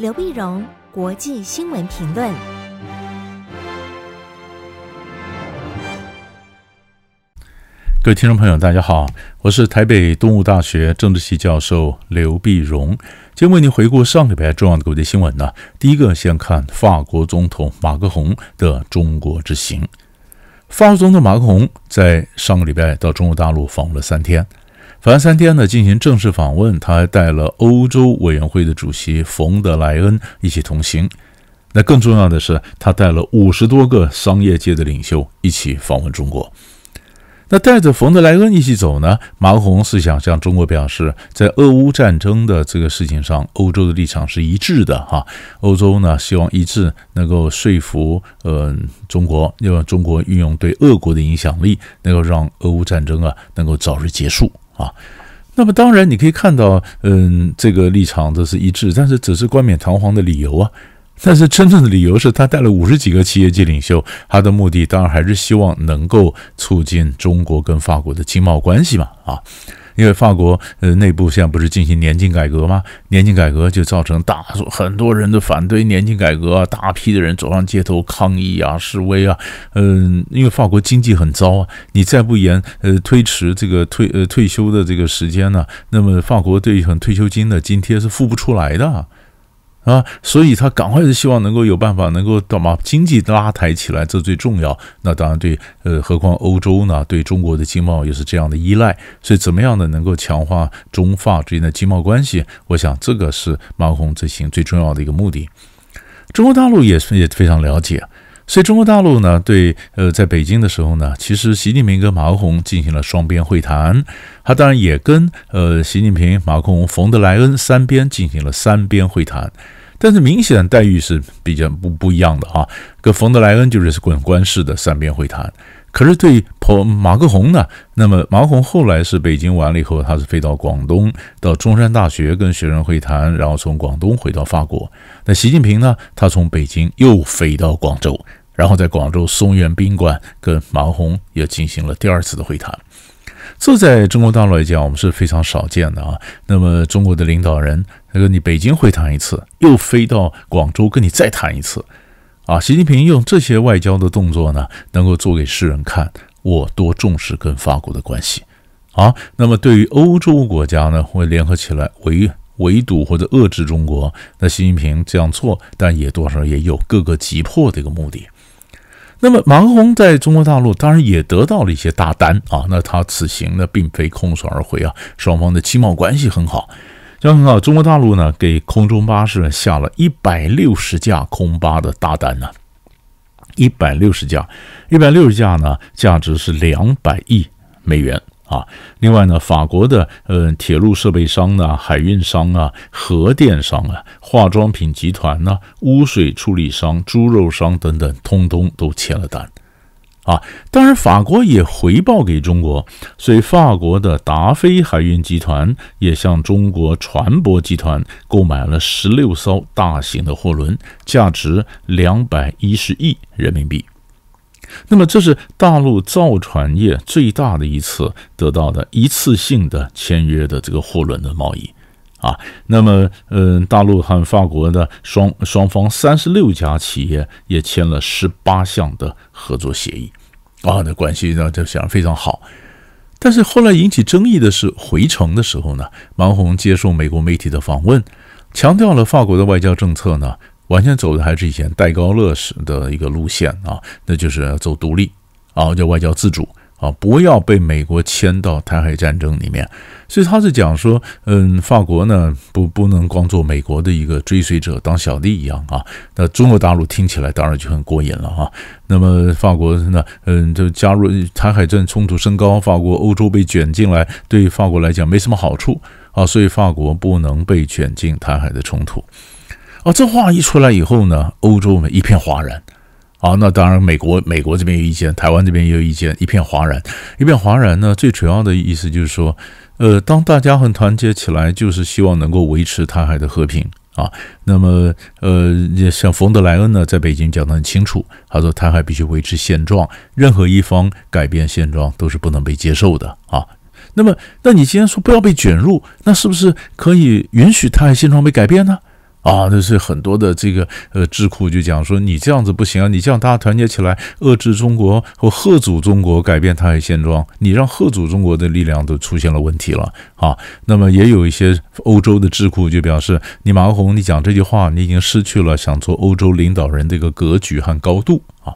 劉必榮，國際新聞評論。各位聽眾朋友，大家好，我是台北東吳大學政治系教授劉必榮。今天為您回顧上個禮拜重要的國際新聞呢。第一個，先看法國總統馬克宏的中國之行。法國總統馬克宏在上個禮拜到中國大陸訪問了三天。凡三天呢，進行正式訪問，他還帶了歐洲委員會的主席馮德萊恩一起同行。那更重要的是，他帶了五十多個商業界的領袖一起訪問中國。那帶着馮德萊恩一起走呢，馬克宏是想向中國表示，在俄烏戰爭的這個事情上，歐洲的立場是一致的哈。歐洲呢，希望一致能夠說服嗯、呃、中國，要讓中國運用對俄國的影響力，能夠讓俄烏戰爭啊能夠早日結束。啊，那麼當然你可以看到，嗯，這個立場這是一致，但是只是冠冕堂皇的理由啊。但是真正的理由是他帶了五十幾個企業界領袖，他的目的當然還是希望能夠促進中國跟法國的經貿關係嘛，啊。因為法國呃內部現在不是進行年金改革嗎？年金改革就造成大很多人都反對，年金改革、啊、大批的人走上街頭抗議啊、示威啊。嗯、呃，因為法國經濟很糟啊，你再不延呃推遲這個退呃退休的這個時間呢、啊，那麼法國對於退休金的津貼是付不出來的。啊，所以他趕快是希望能夠有辦法能夠到把經濟拉抬起來，這最重要。那當然對，呃，何況歐洲呢，對中國的經貿又是這樣的依賴，所以怎麼樣呢？能夠強化中法之間的經貿關係，我想這個是馬克宏此行最重要的一個目的。中國大陸也是也非常了解。所以中國大陸呢，對呃，在北京的時候呢，其實習近平跟馬克宏進行了雙邊會談，他當然也跟呃，習近平、馬克宏、馮德萊恩三邊進行了三邊會談，但是明顯待遇是比較不不一樣的啊，跟馮德萊恩就是官官式的三邊會談，可是對普馬克宏呢，那麼馬克宏後來是北京完了以後，他是飛到廣東，到中山大學跟學生會談，然後從廣東回到法國，那習近平呢，他從北京又飛到廣州，然後在廣州松園賓館跟馬克宏也進行了第二次的會談，這在中國大陸來講我們是非常少見的啊。那麼中國的領導人，他、那、說、個、你北京會談一次，又飛到廣州跟你再談一次，啊，習近平用這些外交的動作呢，能夠做給世人看，我多重視跟法國的關係。好、啊，那麼對於歐洲國家呢，會聯合起來圍圍堵或者遏制中國，那習近平這樣做，但也多少也有各個急迫的一個目的。那麼馬克宏在中國大陸當然也得到了一些大單啊，那他此行呢並非空手而回啊，雙方的經貿關係很好，非常好。中國大陸呢給空中巴士呢下了一百六十架空巴的大單呢、啊，一百六十架，一百六十架呢價值是兩百億美元。啊，另外呢，法國的嗯、呃、鐵路設備商呢、海運商啊、核電商啊、化妝品集團呢、啊、污水處理商、豬肉商等等，通通都簽了單。啊，當然法國也回報給中國，所以法國的達飛海運集團也向中國船舶集團購買了十六艘大型的貨輪，價值兩百一十億人民幣。那麼這是大陸造船業最大的一次得到的一次性的簽約的這個貨輪的貿易啊。那麼，嗯，大陸和法國的雙雙方三十六家企業也簽了十八項的合作協議啊，那關係呢就顯得非常好。但是後來引起爭議的是回程的時候呢，馬克宏接受美國媒體的訪問，強調了法國的外交政策呢。完全走的還是以前戴高樂式的一個路線啊，那就是走獨立啊，叫外交自主啊，不要被美國牽到台海戰爭裡面。所以他是講說，嗯，法國呢，不不能光做美國的一個追隨者，當小弟一樣啊。那中國大陸聽起來當然就很過癮了啊。那麼法國呢，嗯，就加入台海戰衝突升高，法國歐洲被捲進來，對於法國來講沒什麼好處啊，所以法國不能被捲進台海的衝突。啊、哦，這話一出來以後呢，歐洲一片嘩然。啊，那當然，美國美國這邊有意見，台灣這邊也有意見，一片嘩然，一片嘩然呢，最主要的意思就是說，呃，當大家很團結起來，就是希望能夠維持台海的和平啊。那麼，呃，像馮德萊恩呢，在北京講得很清楚，他說台海必須維持現狀，任何一方改變現狀都是不能被接受的啊。那麼，那你既然說不要被捲入，那是不是可以允許台海現狀被改變呢？啊，就是很多的這個呃智庫就講說，你這樣子不行啊，你這樣大家團結起來遏制中國或嚇阻中國改變他的現狀，你讓嚇阻中國的力量都出現了問題了啊。那麼也有一些歐洲的智庫就表示，你馬克宏你講這句話，你已經失去了想做歐洲領導人這個格局和高度啊。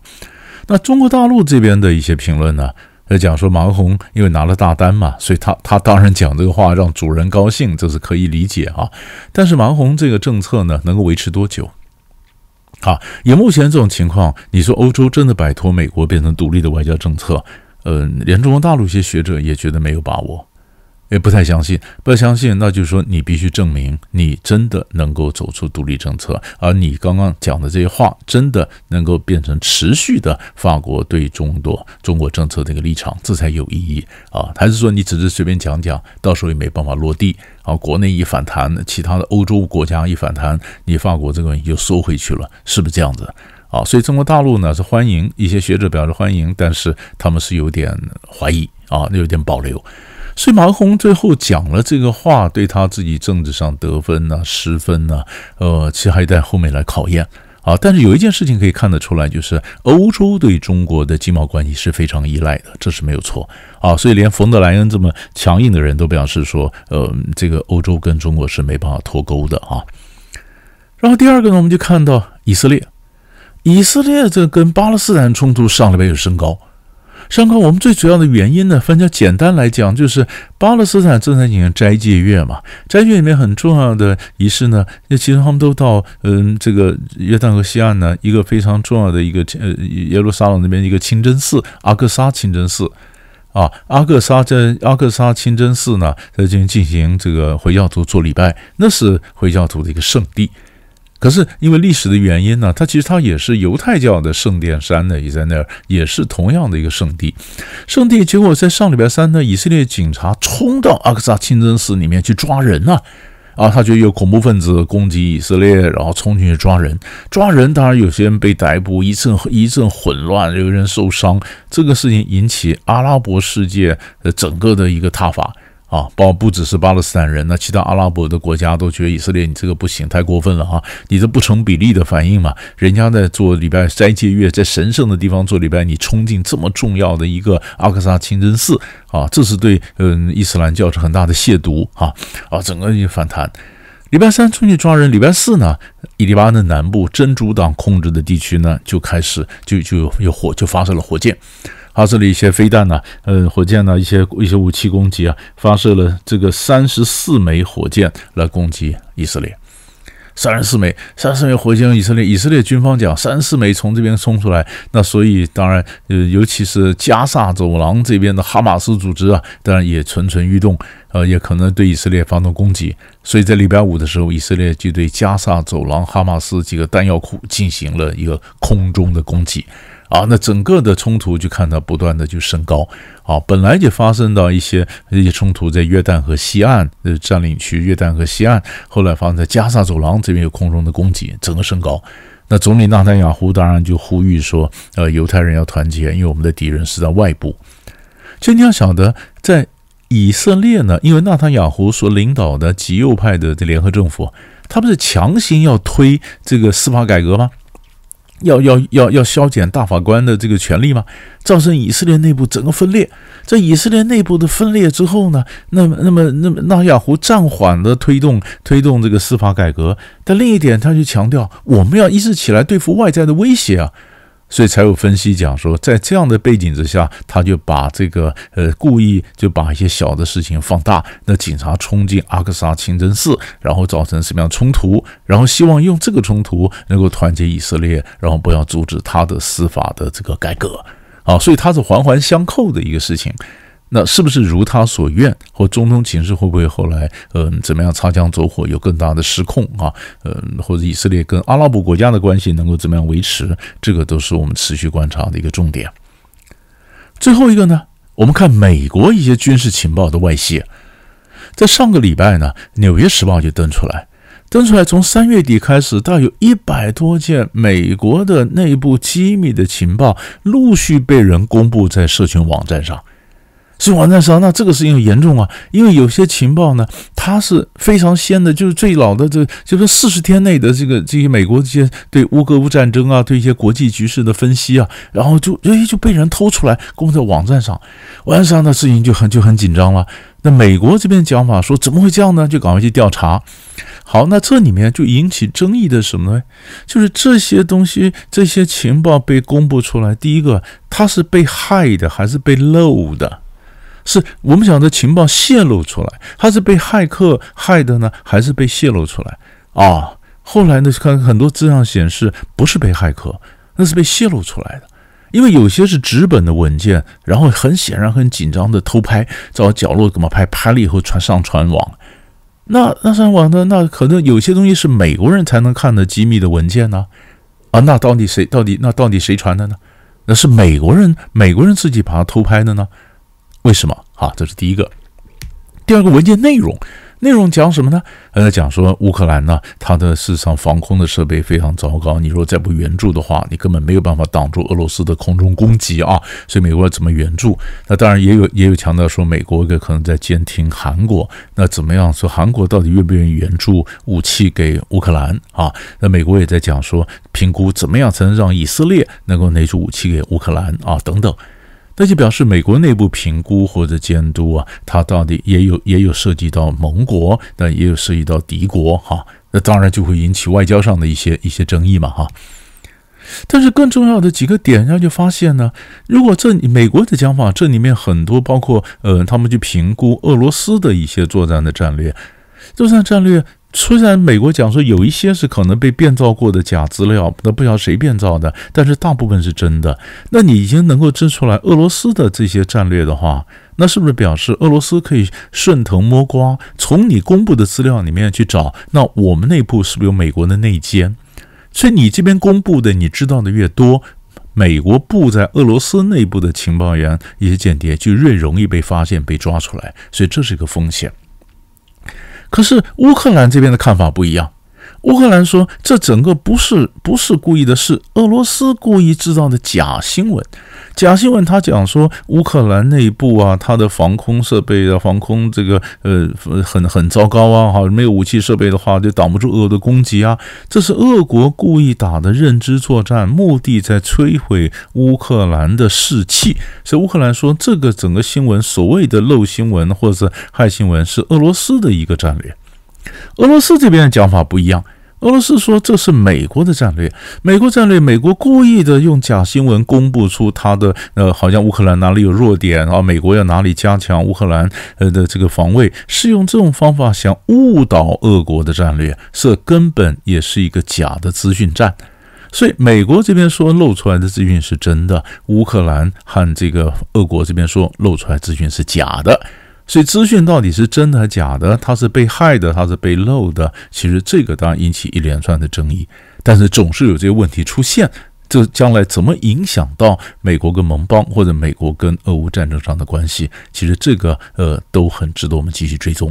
那中國大陸這邊的一些評論呢？要講說，馬克宏因為拿了大單嘛，所以他他當然講這個話讓主人高興，這是可以理解啊。但是馬克宏這個政策呢，能夠維持多久？啊，以目前這種情況，你說歐洲真的擺脫美國，變成獨立的外交政策？呃，連中國大陸一些學者也覺得沒有把握。也不太相信，不太相信，那就是說你必須證明你真的能夠走出獨立政策，而你剛剛講的這些話，真的能夠變成持續的法國對中國中國政策的這個立場，這才有意義啊！還是說你只是隨便講講，到時候也沒辦法落地啊？國內一反彈，其他的歐洲國家一反彈，你法國這個人又收回去了，是不是這樣子啊？所以中國大陸呢，是歡迎，一些學者表示歡迎，但是他們是有點懷疑啊，有點保留。所以，馬克宏最後講了這個話，對他自己政治上得分吶，失分吶、啊，呃，其實還在後面來考驗啊。但是有一件事情可以看得出來，就是歐洲對中國的經貿關係是非常依賴的，這是沒有錯啊。所以，連馮德萊恩這麼強硬的人都表示說，呃，這個歐洲跟中國是沒辦法脫鈎的啊。然後第二個呢，我們就看到以色列，以色列這跟巴勒斯坦衝突上禮拜有升高。上課，我們最主要的原因呢，反正簡單來講，就是巴勒斯坦正在進行齋戒月嘛。齋戒月裡面很重要的儀式呢，那其實他們都到嗯，這個約旦河西岸呢，一個非常重要的一個呃耶路撒冷，那邊一個清真寺，阿格撒清真寺啊，阿格撒，在阿格撒清真寺呢，在進行進行這個回教徒做禮拜，那是回教徒的一個聖地。可是因為歷史的原因呢、啊，它其實它也是猶太教的聖殿山呢，也在那兒，也是同樣的一個聖地。聖地，結果在上禮拜三呢，以色列警察衝到阿克薩清真寺裡面去抓人吶、啊，啊，他就有恐怖分子攻擊以色列，然後衝進去抓人，抓人，當然有些人被逮捕，一陣一陣混亂，有人受傷。這個事情引起阿拉伯世界的整個的一個撻伐。啊，包括不只是巴勒斯坦人，那其他阿拉伯的國家都覺得以色列，你這個不行，太過分了啊！你這不成比例的反應嘛？人家在做禮拜齋戒月，在神聖的地方做禮拜，你衝進這麼重要的一個阿克薩清真寺啊，這是對嗯伊斯蘭教是很大的褻瀆啊！啊，整個一反彈，禮拜三出去抓人，禮拜四呢，伊黎巴嫩南部真主黨控制的地區呢，就開始就就有火，就發射了火箭。發射了一些飛彈呢、啊，呃，火箭呢、啊，一些一些武器攻擊啊，發射了這個三十四枚火箭來攻擊以色列，三十四枚，三十四枚火箭以色列，以色列軍方講，三十四枚從這邊衝出來，那所以當然，呃，尤其是加薩走廊這邊的哈馬斯組織啊，當然也蠢蠢欲動，呃，也可能對以色列發動攻擊，所以在禮拜五的時候，以色列就對加薩走廊哈馬斯幾個彈藥庫進行了一個空中的攻擊。啊，那整個的衝突就看到不斷的就升高。啊，本來就發生到一些一些衝突，在約旦河西岸，就是，佔領區，約旦河西岸後來發生在加沙走廊這邊有空中的攻擊，整個升高。那總理納塔雅胡當然就呼籲說，呃，猶太人要團結，因為我們的敵人是在外部。就你要曉得，在以色列呢，因為納塔雅胡所領導的極右派的這聯合政府，他不是強行要推這個司法改革嗎？要要要要削減大法官的這個權力嗎？造成以色列內部整個分裂，在以色列內部的分裂之後呢，那麼那麼那麼，那麼，納亞胡暫緩地推動推動這個司法改革，但另一點他就強調，我們要一致起來對付外在的威脅啊。所以才有分析講說，在這樣的背景之下，他就把這個呃故意就把一些小的事情放大。那警察衝進阿克薩清真寺，然後造成什麼樣衝突？然後希望用這個衝突能夠團結以色列，然後不要阻止他的司法的這個改革啊。所以他是環環相扣的一個事情。那是不是如他所願，或中東情勢會不會後來，嗯、呃，怎麼樣擦槍走火，有更大的失控啊？嗯、呃，或者以色列跟阿拉伯國家的關係能夠怎麼樣維持？這個都是我們持續觀察的一個重點。最後一個呢，我們看美國一些軍事情報的外泄，在上個禮拜呢，《紐約時報》就登出來，登出來從三月底開始，大約一百多件美國的內部機密的情報陸續被人公布在社群網站上。所以網站上，那這個事情很嚴重啊，因為有些情報呢，它是非常鮮的，就是最老的這，這就是四十天內的這個這些美國這些對烏格烏戰爭啊，對一些國際局勢的分析啊，然後就哎就被人偷出來，公布在網站上，網站上的事情就很就很緊張了。那美國這邊講法說怎麼會這樣呢？就趕快去調查。好，那這裡面就引起爭議的什麼呢？就是這些東西這些情報被公布出來，第一個它是被駭的還是被漏的？是我們講的情報洩露出來，它是被駭客害的呢，還是被洩露出來啊？後來呢，看很多資料顯示，不是被駭客，那是被洩露出來的。因為有些是紙本的文件，然後很顯然很緊張的偷拍，找角落怎麼拍，拍了以後傳上傳網。那那上網的，那可能有些東西是美國人才能看的機密的文件呢。啊，那到底誰？到底那到底誰傳的呢？那是美國人？美國人自己把它偷拍的呢？為什麼啊？這是第一個，第二個文件內容，內容講什麼呢？呃，講說烏克蘭呢，它的市場防空的設備非常糟糕，你如果再不援助的話，你根本沒有辦法擋住俄羅斯的空中攻擊啊。所以美國要怎麼援助？那當然也有也有強調說，美國也可能在監聽韓國，那怎麼樣？說韓國到底願不願意援助武器給烏克蘭啊？那美國也在講說，評估怎麼樣才能讓以色列能夠拿出武器給烏克蘭啊？等等。那就表示美國內部評估或者監督啊，它到底也有也有涉及到盟國，但也有涉及到敵國，哈，那當然就會引起外交上的一些一些爭議嘛，哈。但是更重要的幾個點，那就發現呢，如果這美國的講法，這裡面很多包括呃，他們去評估俄羅斯的一些作戰的戰略，作戰戰略。雖然美國講說有一些是可能被變造過的假資料，那不知道誰變造的，但是大部分是真的。那你已經能夠證出來俄羅斯的這些戰略的話，那是不是表示俄羅斯可以順藤摸瓜，從你公布的資料裡面去找？那我們內部是不是有美國的內奸？所以你這邊公布的你知道的越多，美國布在俄羅斯內部的情報員、一些間諜就越容易被發現、被抓出來。所以這是一個風險。可是烏克蘭這邊的看法不一樣。烏克蘭說，這整個不是不是故意的是，是俄羅斯故意製造的假新聞。假新聞他講說，烏克蘭內部啊，他的防空設備啊，防空這個呃很很糟糕啊，哈，沒有武器設備的話，就擋不住俄的攻擊啊。這是俄國故意打的認知作戰，目的在摧毀烏克蘭的士氣。所以烏克蘭說，這個整個新聞所謂的漏新聞或者是駭新聞，是俄羅斯的一個戰略。俄羅斯這邊的講法不一樣。俄羅斯說這是美國的戰略，美國戰略，美國故意的用假新聞公布出他的呃，好像烏克蘭哪裡有弱點啊，美國要哪裡加強烏克蘭呃的這個防衛，是用這種方法想誤導俄國的戰略，這根本也是一個假的資訊戰。所以美國這邊說露出來的資訊是真的，烏克蘭和這個俄國這邊說露出來的資訊是假的。所以，資訊到底是真的還是假的？它是被駭的，它是被漏的。其實這個當然引起一連串的爭議，但是總是有這些問題出現。這將來怎麼影響到美國跟盟邦，或者美國跟俄烏戰爭上的關係？其實這個呃都很值得我們繼續追蹤。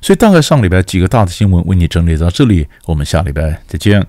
所以，大概上禮拜幾個大的新聞為你整理到這裡，我們下禮拜再見。